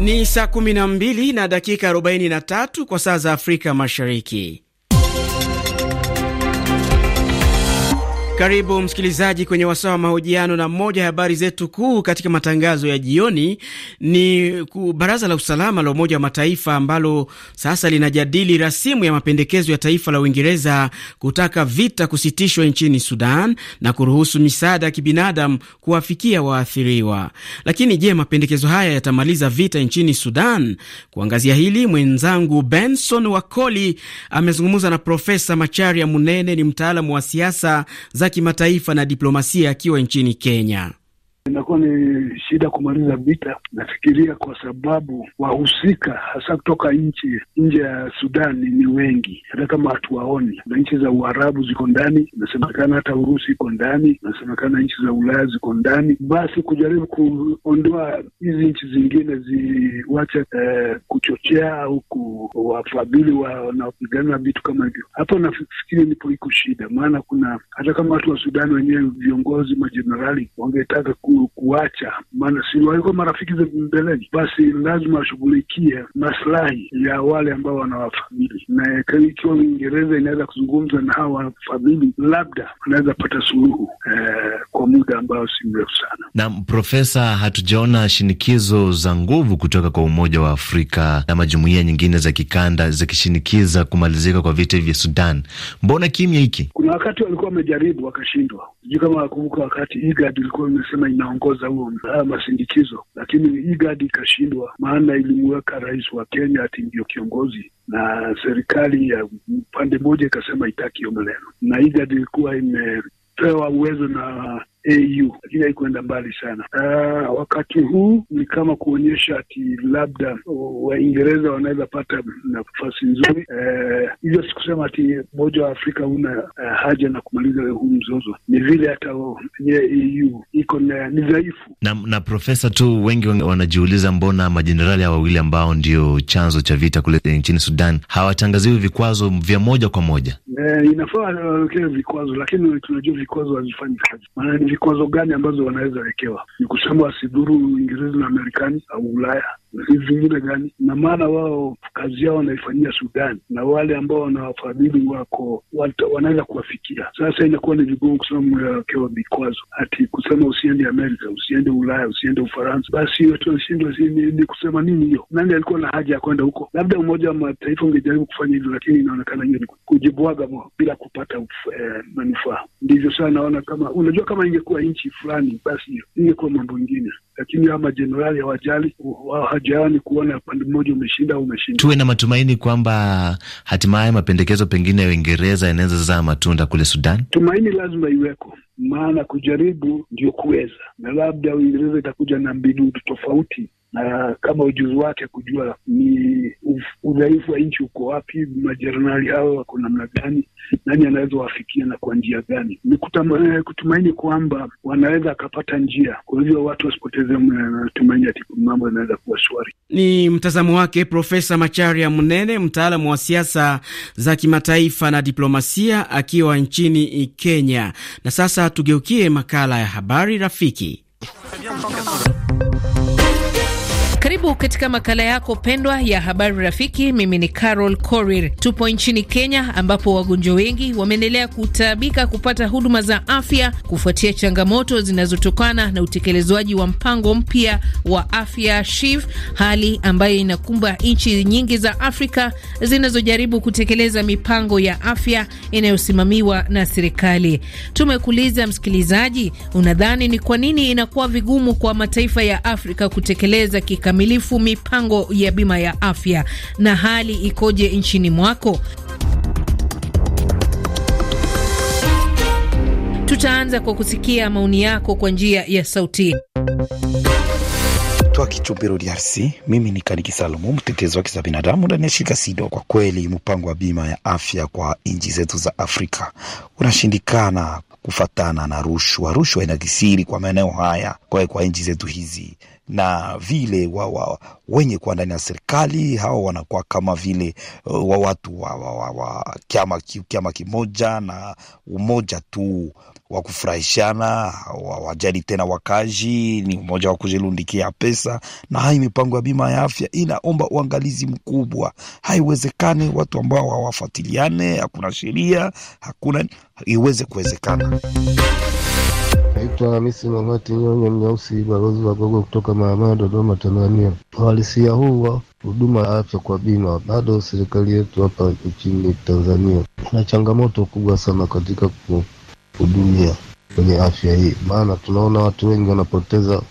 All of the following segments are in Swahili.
Ni saa 12 na dakika 43 kwa saa za Afrika Mashariki. Karibu msikilizaji kwenye wasaa wa mahojiano, na moja ya habari zetu kuu katika matangazo ya jioni ni baraza la usalama la Umoja wa Mataifa ambalo sasa linajadili rasimu ya mapendekezo ya taifa la Uingereza kutaka vita kusitishwa nchini Sudan na kuruhusu misaada ya kibinadamu kuwafikia waathiriwa. Lakini je, mapendekezo haya yatamaliza vita nchini Sudan? Kuangazia hili, mwenzangu Benson Wakoli amezungumza na Profesa Macharia Munene, ni mtaalamu wa siasa za kimataifa na diplomasia akiwa nchini Kenya inakuwa ni shida kumaliza vita. Nafikiria kwa sababu wahusika hasa kutoka nchi nje ya Sudani ni wengi, hata kama hatuwaoni, na nchi za Uarabu ziko ndani, inasemekana hata Urusi iko ndani, inasemekana nchi za Ulaya ziko ndani. Basi kujaribu kuondoa hizi nchi zingine ziwache eh, kuchochea au kuwafadhili wanaopigana vitu kama hivyo, hapo nafikiri nipo iko shida, maana kuna hata kama watu wa Sudani wenyewe viongozi majenerali wangetaka ku kuacha, maana si walikuwa marafiki zetu mbeleni, basi lazima washughulikie maslahi ya wale ambao wanawafadhili, na ikiwa Uingereza inaweza kuzungumza na hawa wafadhili, labda wanaweza pata suluhu eh, kwa muda ambao si mrefu sana. Na Profesa, hatujaona shinikizo za nguvu kutoka kwa Umoja wa Afrika na majumuiya nyingine za kikanda zikishinikiza kumalizika kwa vita vya Sudan. Mbona kimya hiki? Kuna wakati walikuwa wamejaribu wakashindwa, sijui kama wakumbuka wakati IGAD ilikuwa imesema inaongoza huo ah, masindikizo, lakini IGAD ikashindwa, maana ilimweka rais wa Kenya ati ndio kiongozi na serikali ya upande mmoja ikasema itaki hiyo maneno, na IGAD ilikuwa imepewa uwezo na au lakini haikuenda mbali sana. Aa, ah, wakati huu ni kama kuonyesha ati labda Waingereza wanaweza pata nafasi nzuri eh, hivyo. E, sikusema ati moja wa Afrika huna eh, haja na kumaliza huu mzozo, ni vile hata wenyewe au iko ni dhaifu. Na, na profesa tu wengi wanajiuliza mbona majenerali hawa wawili ambao ndio chanzo cha vita kule nchini Sudan hawatangaziwi vikwazo vya moja kwa moja? E, inafaa wawekewe vikwazo, lakini tunajua vikwazo havifanyi kazi maana vikwazo gani ambazo wanaweza wekewa? Ni kusema wasidhuru Uingereza na Marekani au Ulaya vingine gani? Na maana wao kazi yao wanaifanyia Sudani, na wale ambao wanawafadhili wako wanaweza kuwafikia. Sasa inakuwa ni vigumu kusema mmewekewa vikwazo, hati kusema usiende Amerika, usiende Ulaya, usiende Ufaransa. Basi watu wanashindwa, ni kusema nini hiyo? Nani alikuwa na haja ya kwenda huko? Labda Umoja wa Mataifa ungejaribu kufanya hivyo, lakini inaonekana hiyo ni kujibwaga bila kupata eh, manufaa. Ndivyo sasa naona kama unajua kama inge ingekuwa nchi fulani, basi ingekuwa mambo ingine, lakini hawa majenerali hawajali, hawajawani kuona upande mmoja umeshinda au umeshinda. Tuwe na matumaini kwamba hatimaye mapendekezo pengine ya Uingereza yanaweza zaa matunda kule Sudan. Tumaini lazima iweko, maana kujaribu ndio kuweza, na labda Uingereza itakuja na mbinu tofauti na kama ujuzi wake kujua ni udhaifu wa nchi uko wapi, majernali hao wako namna gani, nani anaweza wafikia na kwa njia gani. Ni kutumaini kwamba wanaweza akapata njia, kwa hivyo watu wasipoteze tumaini ati mambo yanaweza kuwa shwari. Ni mtazamo wake Profesa Macharia Munene, mtaalamu wa siasa za kimataifa na diplomasia, akiwa nchini Kenya. Na sasa tugeukie makala ya habari rafiki. Karibu katika makala yako pendwa ya habari rafiki. Mimi ni Carol Korir. Tupo nchini Kenya ambapo wagonjwa wengi wameendelea kutaabika kupata huduma za afya kufuatia changamoto zinazotokana na utekelezwaji wa mpango mpya wa afya SHIF, hali ambayo inakumba nchi nyingi za Afrika zinazojaribu kutekeleza mipango ya afya inayosimamiwa na serikali. Tumekuuliza msikilizaji, unadhani ni kwa nini inakuwa vigumu kwa mataifa ya Afrika kutekeleza kika kikamilifu mipango ya bima ya afya? Na hali ikoje nchini mwako? Tutaanza kwa kusikia maoni yako kwa njia ya sauti. Toa kichumbiro DRC. Mimi ni Kaniki Salomo, mtetezi wa haki za binadamu ndani ya shirika SIDO. Kwa kweli mpango wa bima ya afya kwa nchi zetu za Afrika unashindikana kufatana na rushwa. Rushwa inakisiri kwa maeneo haya, kwa kwa nchi zetu hizi na vile wa, wa, wenye kuwa ndani ya serikali hao wanakuwa kama vile uh, wa watu wa, wa, wa, wa kiama, kiama kimoja na umoja tu wa kufurahishana, wajali tena wakazi, ni umoja wa kujilundikia pesa. Na hai mipango ya bima ya afya inaomba uangalizi mkubwa, haiwezekani watu ambao hawafuatiliane, hakuna sheria, hakuna iweze kuwezekana. Naitwa Hamisi Mangati Nyonyo Mnyeusi, balozi wa Gogo kutoka Mahamaa, Dodoma, Tanzania. Uhalisia huu wa huduma ya afya kwa bima, bado serikali yetu hapa nchini Tanzania ina changamoto kubwa sana katika kuhudumia kwenye afya hii, maana tunaona watu wengi wanapoteza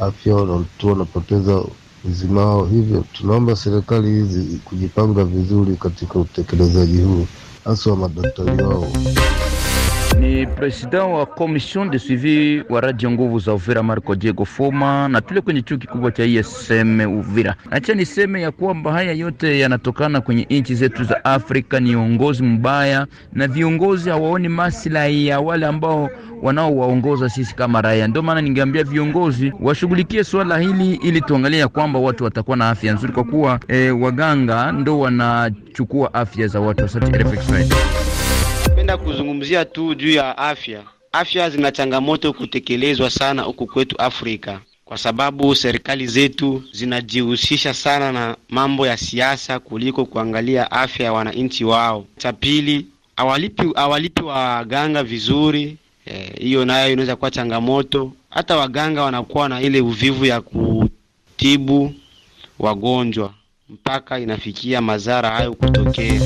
afya, wanapoteza uzima wao. Hivyo tunaomba serikali hizi kujipanga vizuri katika utekelezaji huu, hasa madaktari wao. Ni president wa commission de suivi wa radio nguvu za Uvira, Marco Diego Foma, na tule kwenye chuo kikubwa cha ISM Uvira. Acha niseme ya kwamba haya yote yanatokana kwenye nchi zetu za Afrika, ni uongozi mbaya na viongozi hawaoni maslahi ya wale ambao wanaowaongoza sisi kama raia. Ndio maana ningeambia viongozi washughulikie swala hili ili tuangalie kwamba watu watakuwa na afya nzuri, kwa kuwa eh, waganga ndo wanachukua afya za watu. Asante RFI. Ningependa kuzungumzia tu juu ya afya. Afya zina changamoto kutekelezwa sana huku kwetu Afrika kwa sababu serikali zetu zinajihusisha sana na mambo ya siasa kuliko kuangalia afya ya wananchi wao. Cha pili, awalipi awalipi waganga vizuri. Eh, hiyo e, nayo inaweza kuwa changamoto. Hata waganga wanakuwa na ile uvivu ya kutibu wagonjwa mpaka inafikia madhara hayo kutokea.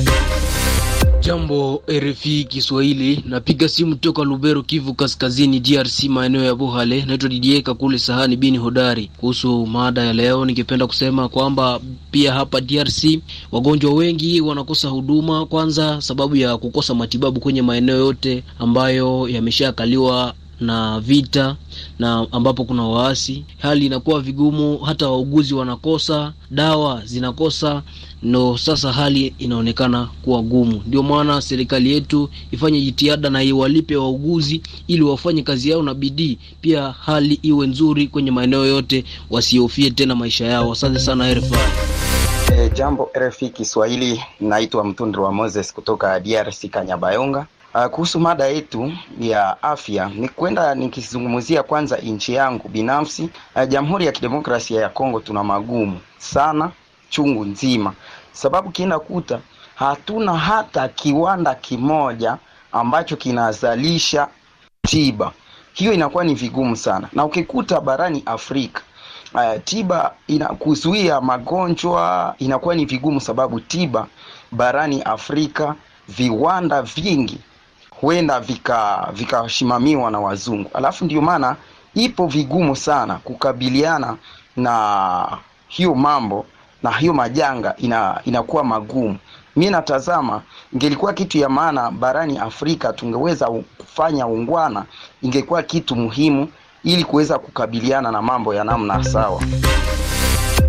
Jambo RFI Kiswahili, napiga simu toka Lubero, Kivu Kaskazini, DRC, maeneo ya Buhale. Naitwa Didier Kakule Sahani Bini Hodari. Kuhusu mada ya leo, ningependa kusema kwamba pia hapa DRC wagonjwa wengi wanakosa huduma, kwanza sababu ya kukosa matibabu kwenye maeneo yote ambayo yameshakaliwa na vita na ambapo kuna waasi, hali inakuwa vigumu, hata wauguzi wanakosa, dawa zinakosa, ndo sasa hali inaonekana kuwa gumu. Ndio maana serikali yetu ifanye jitihada na iwalipe wauguzi ili wafanye kazi yao na bidii, pia hali iwe nzuri kwenye maeneo yote, wasihofie tena maisha yao. Asante sana RFI. E, eh, jambo RFI Kiswahili, naitwa Mtundro wa Moses kutoka DRC Kanyabayonga. Uh, kuhusu mada yetu ya afya ni kwenda nikizungumzia kwanza nchi yangu binafsi. Uh, Jamhuri ya Kidemokrasia ya Kongo tuna magumu sana chungu nzima, sababu kienda kuta hatuna hata kiwanda kimoja ambacho kinazalisha tiba. Hiyo inakuwa ni vigumu sana, na ukikuta barani Afrika uh, tiba inakuzuia kuzuia magonjwa inakuwa ni vigumu, sababu tiba barani Afrika viwanda vingi huenda vikasimamiwa vika na wazungu. Alafu ndio maana ipo vigumu sana kukabiliana na hiyo mambo na hiyo majanga ina, inakuwa magumu. Mi natazama ingelikuwa kitu ya maana barani Afrika, tungeweza kufanya ungwana, ingekuwa kitu muhimu ili kuweza kukabiliana na mambo ya namna sawa.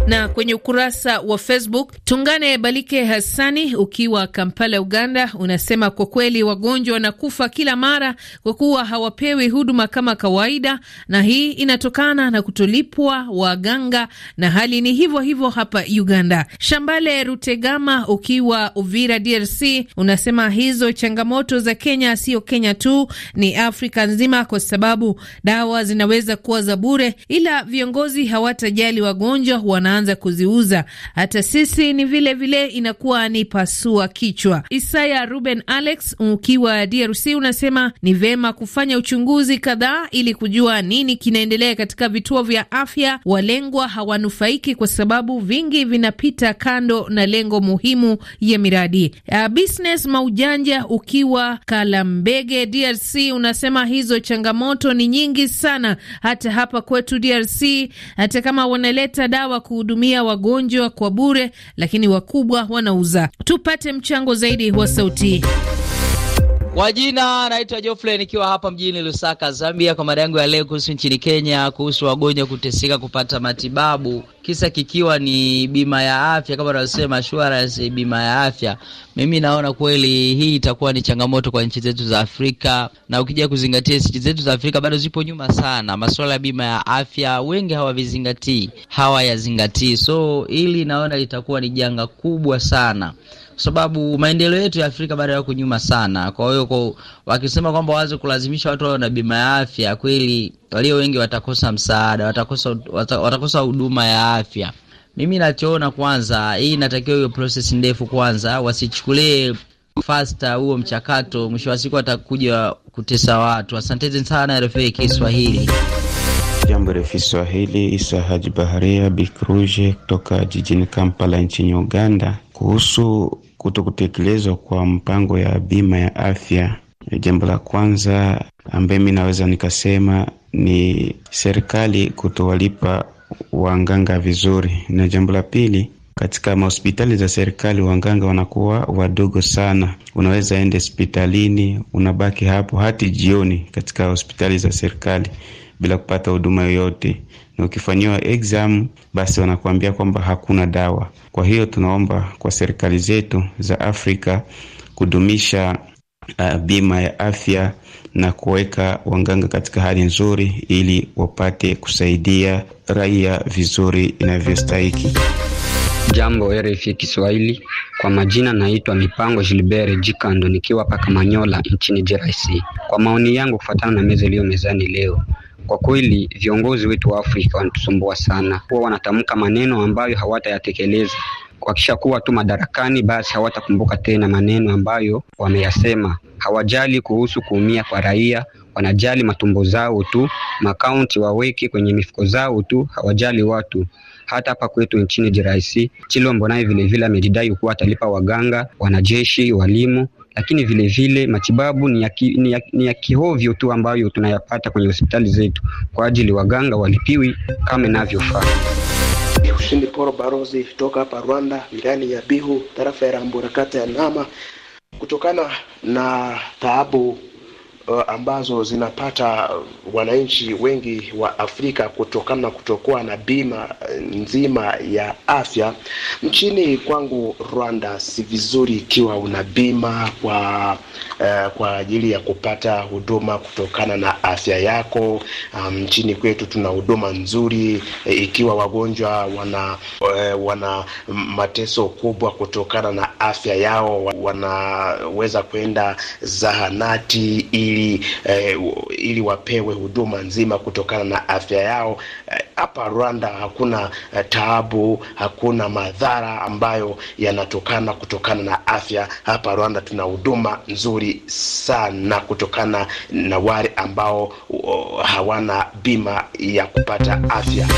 Na kwenye ukurasa wa Facebook, Tungane Balike Hassani ukiwa Kampala, Uganda, unasema kwa kweli wagonjwa wanakufa kila mara kwa kuwa hawapewi huduma kama kawaida, na hii inatokana na kutolipwa waganga, na hali ni hivyo hivyo hapa Uganda. Shambale Rutegama ukiwa Uvira, DRC, unasema hizo changamoto za Kenya sio Kenya tu, ni Afrika nzima, kwa sababu dawa zinaweza kuwa za bure, ila viongozi hawatajali wagonjwa wana tunaanza kuziuza, hata sisi ni vile vile inakuwa ni pasua kichwa. Isaya Ruben Alex ukiwa DRC unasema ni vema kufanya uchunguzi kadhaa ili kujua nini kinaendelea katika vituo vya afya. Walengwa hawanufaiki kwa sababu vingi vinapita kando na lengo muhimu ya miradi. Uh, business maujanja ukiwa Kalambege DRC unasema hizo changamoto ni nyingi sana hata hapa kwetu DRC, hata kama wanaleta dawa ku kuhudumia wagonjwa kwa bure, lakini wakubwa wanauza. Tupate mchango zaidi wa sauti kwa jina naitwa Geoffrey nikiwa hapa mjini Lusaka, Zambia, kwa mada yangu ya leo kuhusu nchini Kenya, kuhusu wagonjwa kuteseka kupata matibabu, kisa kikiwa ni bima ya afya, kama unavyosema assurance, bima ya afya. Mimi naona kweli hii itakuwa ni changamoto kwa nchi zetu za Afrika, na ukija kuzingatia nchi zetu za Afrika bado zipo nyuma sana, masuala ya bima ya afya wengi hawavizingatii, hawayazingatii. So hili naona litakuwa ni janga kubwa sana sababu maendeleo yetu ya Afrika bado yako nyuma sana. Kwa hiyo kwa wakisema kwamba waanze kulazimisha watu wawe na bima ya afya, kweli walio wengi watakosa msaada, watakosa watakosa huduma ya afya. Mimi nachoona kwanza, hii inatakiwa hiyo process ndefu kwanza, wasichukulie fasta huo mchakato, mwisho wa siku atakuja kutesa watu. Asanteni sana RFI Kiswahili. Jambo refu Swahili, Isa Haji Baharia Bikruje kutoka jijini Kampala nchini Uganda. Kuhusu kuto kutekelezwa kwa mpango ya bima ya afya. Jambo la kwanza ambaye mi naweza nikasema ni serikali kutowalipa wanganga vizuri, na jambo la pili katika mahospitali za serikali wanganga wanakuwa wadogo sana. Unaweza ende hospitalini unabaki hapo hadi jioni katika hospitali za serikali bila kupata huduma yoyote na ukifanyiwa exam basi wanakuambia kwamba hakuna dawa. Kwa hiyo tunaomba kwa serikali zetu za Afrika kudumisha uh, bima ya afya na kuweka wanganga katika hali nzuri ili wapate kusaidia raia vizuri inavyostahiki. Jambo RFI Kiswahili, kwa majina naitwa Mipango Gilbert Jikando nikiwa pakamanyola nchini DRC. Kwa maoni yangu, kufuatana na meza iliyo mezani leo kwa kweli viongozi wetu wa Afrika wanatusumbua sana, huwa wanatamka maneno ambayo hawatayatekeleza. kuwa tu madarakani, basi hawatakumbuka tena maneno ambayo wameyasema. Hawajali kuhusu kuumia kwa raia, wanajali matumbo zao tu, makaunti waweke kwenye mifuko zao tu, hawajali watu. Hata hapa kwetu nchini DRC, Chilombo naye vilevile amejidai kuwa atalipa waganga, wanajeshi, walimu lakini vile vile matibabu ni ya, ki, ni ya, ni ya kihovyo tu ambayo tunayapata kwenye hospitali zetu, kwa ajili waganga walipiwi kama inavyofaa. Ushindi Poro Barozi toka hapa Rwanda, wilani ya Bihu, tarafa ya Rambura, kata ya Nama. Kutokana na taabu uh, ambazo zinapata eh, wananchi wengi wa Afrika kutokana na kutokuwa na bima eh, nzima ya afya. Nchini kwangu Rwanda, si vizuri ikiwa una bima kwa uh, kwa ajili ya kupata huduma kutokana na afya yako. Um, nchini um, kwetu tuna huduma nzuri e, ikiwa wagonjwa wana uh, wana mateso kubwa kutokana na afya yao, wanaweza kwenda zahanati ili ili, eh, ili wapewe huduma nzima kutokana na afya yao. Eh, hapa eh, Rwanda hakuna eh, taabu, hakuna madhara ambayo yanatokana kutokana na afya. Hapa Rwanda tuna huduma nzuri sana kutokana na wale ambao uh, hawana bima ya kupata afya.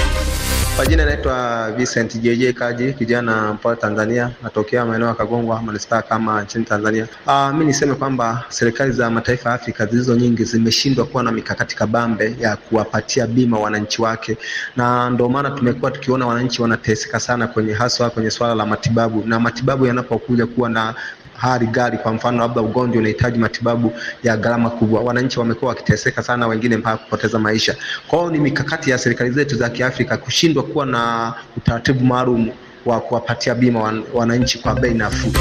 Kwa jina naitwa Vincent JJ Kaji, kijana mpoa Tanzania, natokea maeneo ya Kagongwa manispaa kama nchini Tanzania. Ah, mimi niseme kwamba serikali za mataifa ya Afrika zilizo nyingi zimeshindwa kuwa na mikakati kabambe ya kuwapatia bima wananchi wake, na ndio maana tumekuwa tukiona wananchi wanateseka sana kwenye haswa kwenye swala la matibabu, na matibabu yanapokuja kuwa na hali gari, kwa mfano labda ugonjwa unahitaji matibabu ya gharama kubwa. Wananchi wamekuwa wakiteseka sana, wengine mpaka kupoteza maisha. Kwa hiyo ni mikakati ya serikali zetu za Kiafrika kushindwa kuwa na utaratibu maalum wa kuwapatia bima wananchi kwa bei nafuu.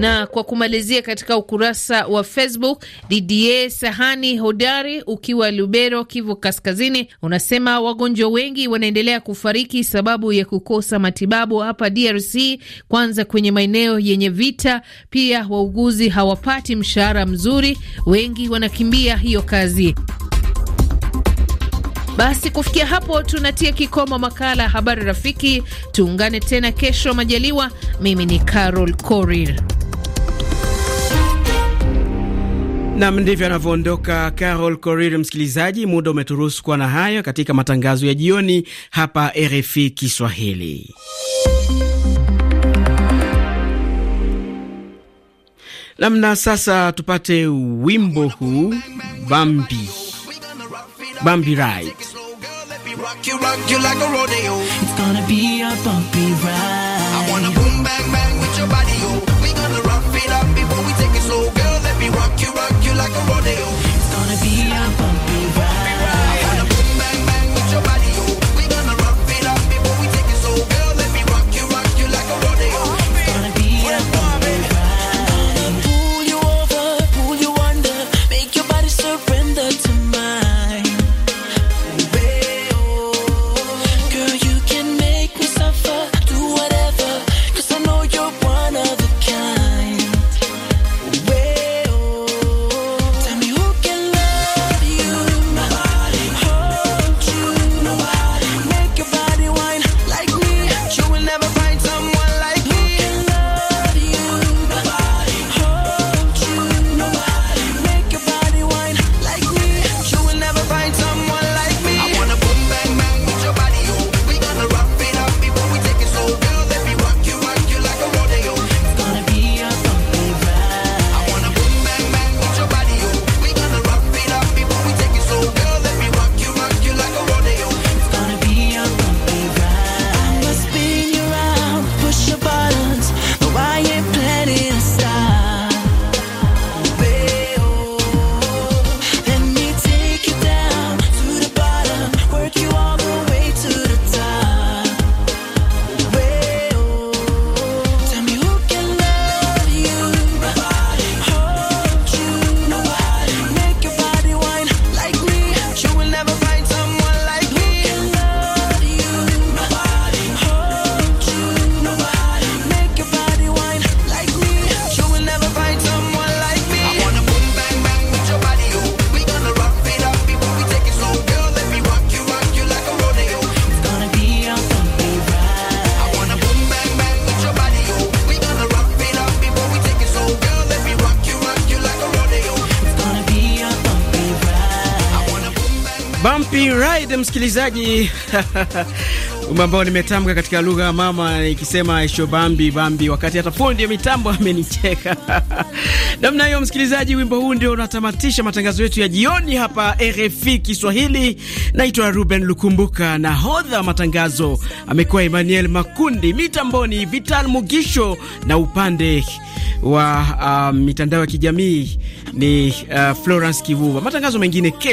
Na kwa kumalizia, katika ukurasa wa Facebook, Didier Sahani Hodari ukiwa Lubero, Kivu Kaskazini, unasema wagonjwa wengi wanaendelea kufariki sababu ya kukosa matibabu hapa DRC, kwanza kwenye maeneo yenye vita. Pia wauguzi hawapati mshahara mzuri, wengi wanakimbia hiyo kazi. Basi kufikia hapo tunatia kikomo makala ya habari rafiki. Tuungane tena kesho majaliwa. Mimi ni Carol Korir. Nam, ndivyo anavyoondoka Carol Korir. Msikilizaji, muda umeturuhusu kuwa na hayo katika matangazo ya jioni hapa RFI Kiswahili. Namna sasa tupate wimbo huu Bambi, Bambi Ride. Bumpy Ride, msikilizaji ambao nimetamka katika lugha ya mama ikisema isho bambi bambi, wakati hata fundi ya mitambo amenicheka namna hiyo. Msikilizaji, wimbo huu ndio unatamatisha matangazo yetu ya jioni hapa RFI Kiswahili. Naitwa Ruben Lukumbuka, na hodha matangazo amekuwa Emmanuel Makundi, mitamboni Vital Mugisho, na upande wa uh, mitandao ya kijamii ni uh, Florence Kivuva. Matangazo mengine